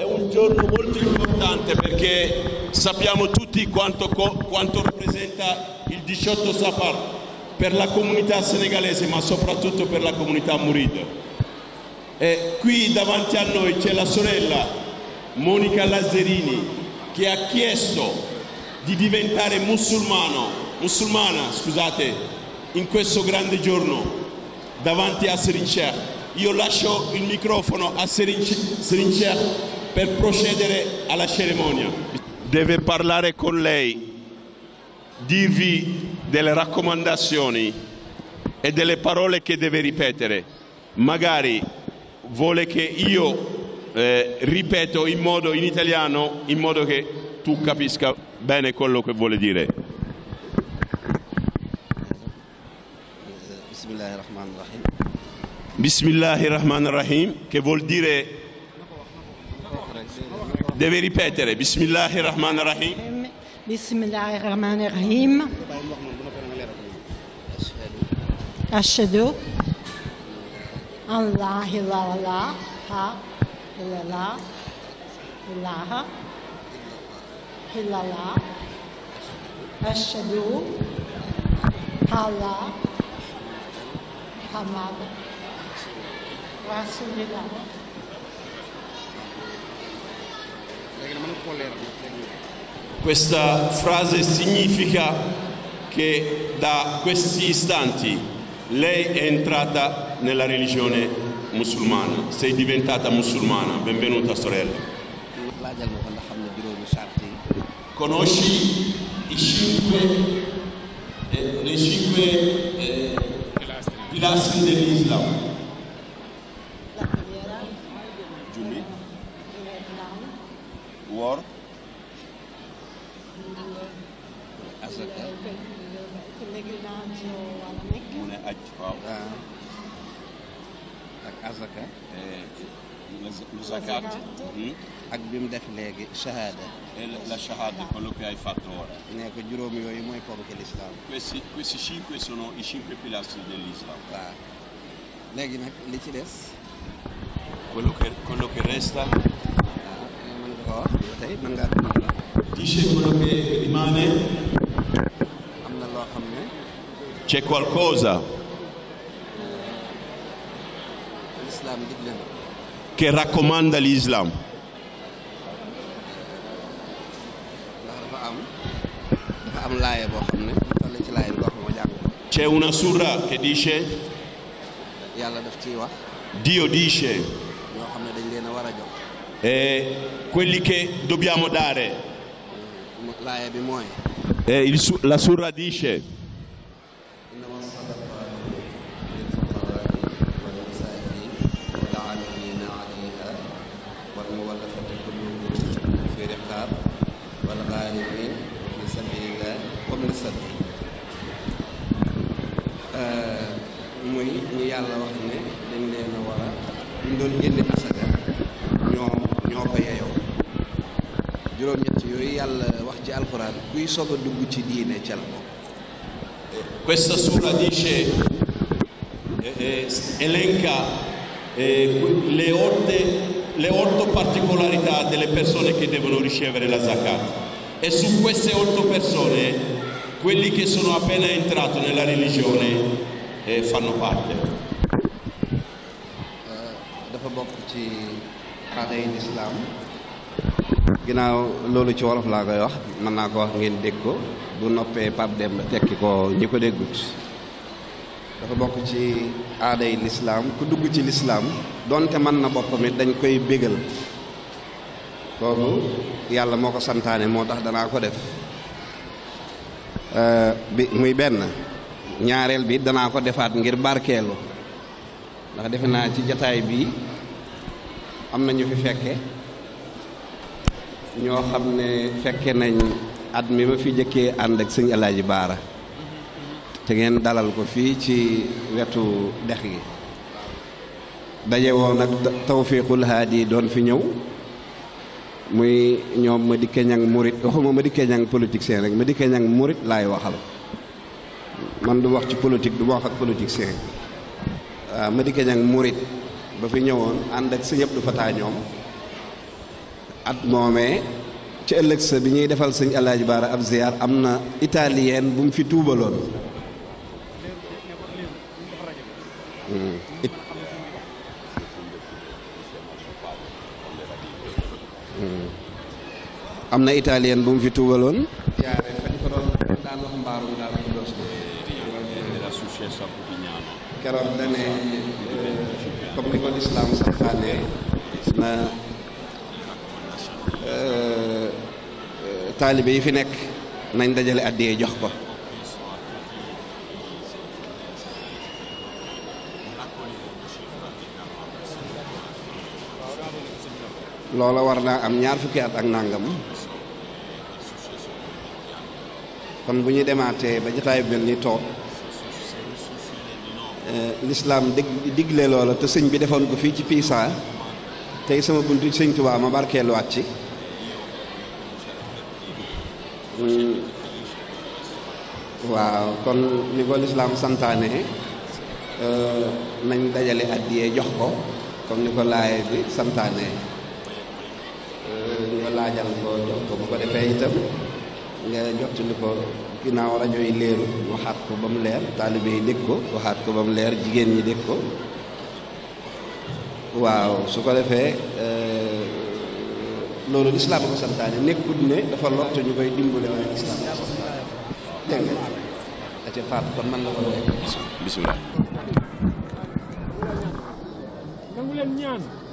è un giorno molto importante perché sappiamo tutti quanto, quanto rappresenta il 18 Safar per la comunità senegalese ma soprattutto per la comunità Murid. E qui davanti a noi c'è la sorella Monica Lazzerini che ha chiesto di diventare musulmano, musulmana scusate, in questo grande giorno davanti a Serin Io lascio il microfono a Serin per procedere alla cerimonia. Deve parlare con lei, dirvi delle raccomandazioni e delle parole che deve ripetere. Magari vuole che io eh, ripeto in modo in italiano, in modo che tu capisca bene quello che vuole dire. Bismillahirrahmanirrahim. Bismillahirrahmanirrahim, che vuol dire Deve ripetere, Bismillahirrahmanirrahim. Bismillahirrahmanirrahim. Ashadu. Allah, Allah, Allah, ha, Allah, la Allah, Ashadu. Allah, Hamad, Rasulullah. Questa frase significa che da questi istanti lei è entrata nella religione musulmana, sei diventata musulmana, benvenuta sorella. Conosci i cinque, eh, le cinque eh, pilastri dell'Islam. La preghiera, Giulia, Word? Aspetta. Pellegrinaggio alla Mecca. Un ajfau. Azaka. Musakat. Abbiamo defile shahada. Eh, la shahada, quello che hai fatto ora. Ecco, giuromi io mai poco che l'Islam. Questi, questi cinque sono i cinque pilastri dell'Islam. Ah. Leghi, le ci des? Quello che, quello che resta c'è qualcosa. l'islam che raccomanda l'islam. C'è una surra che dice Dio dice eh, quelli che dobbiamo dare. Eh, il, la sua radice. muy ñu yàlla wax ne dañ leen a war a ñu doon génne juróom-ñett yooyu yàlla wax ci alquran kuy soog a dugg ci diine ca la bokk. Questa sura dice eh, eh, elenca eh, le orde le otto particolarità delle persone che devono ricevere la zakat e su queste otto persone quelli che sono appena entrati nella religione eh, fanno parte dafa bokk ci in islam ginnaaw loolu ci wolof laa koy wax mën naa ko wax ngeen dégg ko bu noppee Pape Demba tekki ko ñi ko déggut dafa bokk ci aaday lislaam ku dugg ci lislaam donte mën na boppam it dañ koy bégal kooku yàlla moo ko santaane moo tax danaa ko def bi muy benn ñaareel bi danaa ko defaat ngir barkeelu ndax defe naa ci jataay bii am na ñu fi fekke ñoo xam ne fekke nañ at mi ma fi jëkkee ànd ak sëñ Alaaji Baara te ngeen dalal ko fii ci wetu dex yi daje woon ak tawfiqul haadi doon fi ñëw muy ñoom ma di keñang murit waxuma ma di keñang politicien rek ma di keñang murit laay waxal man du wax ci politique du ma wax ak politicien waaw ah, ma di keñang murit ba fi ñëwoon ànd ak sëñ Abdou Fatah ñoom at moomee ci ëllëg sa bi ñuy defal sëñ alaaji baara ab ziyaar am na italienne bu mu fi tuubaloon hmm. Hmm. am na italienne bu fi tuubaloon jaare eh, fañ Euh, taalibe yi fi nekk nañ dajale àddiyee jox ko loola war naa am ñaar fukki at ak nàngam kon bu ñu demaatee ba jotaay mel ni toog euh, lislaam dig digle loola te sëñ bi defoon ko fii ci Pisa tey sama buntu sëñ Tuubaa ma barkeeluwaat ci Hmm. waaw kon ni ko lislaam santaane nañ dajale addiyee jox ko comme ni ko laaye bi santaane ñu laajal ko jox ko bu ko defee itam nga jottali ko ginnaaw rajo yi leeru waxaat ko ba mu leer taalibe yi dégg ko waxaat ko ba mu leer jigéen ñi dégg ko waaw su ko defee loolu lislaam ko santaane nekkul ne dafa lottu ñu koy dimbale waaye lislaam ko santaane dégg nga aca kon man la ko nekk bisimilah nangu leen ñaan